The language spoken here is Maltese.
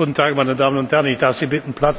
guten tag meine damen und herren!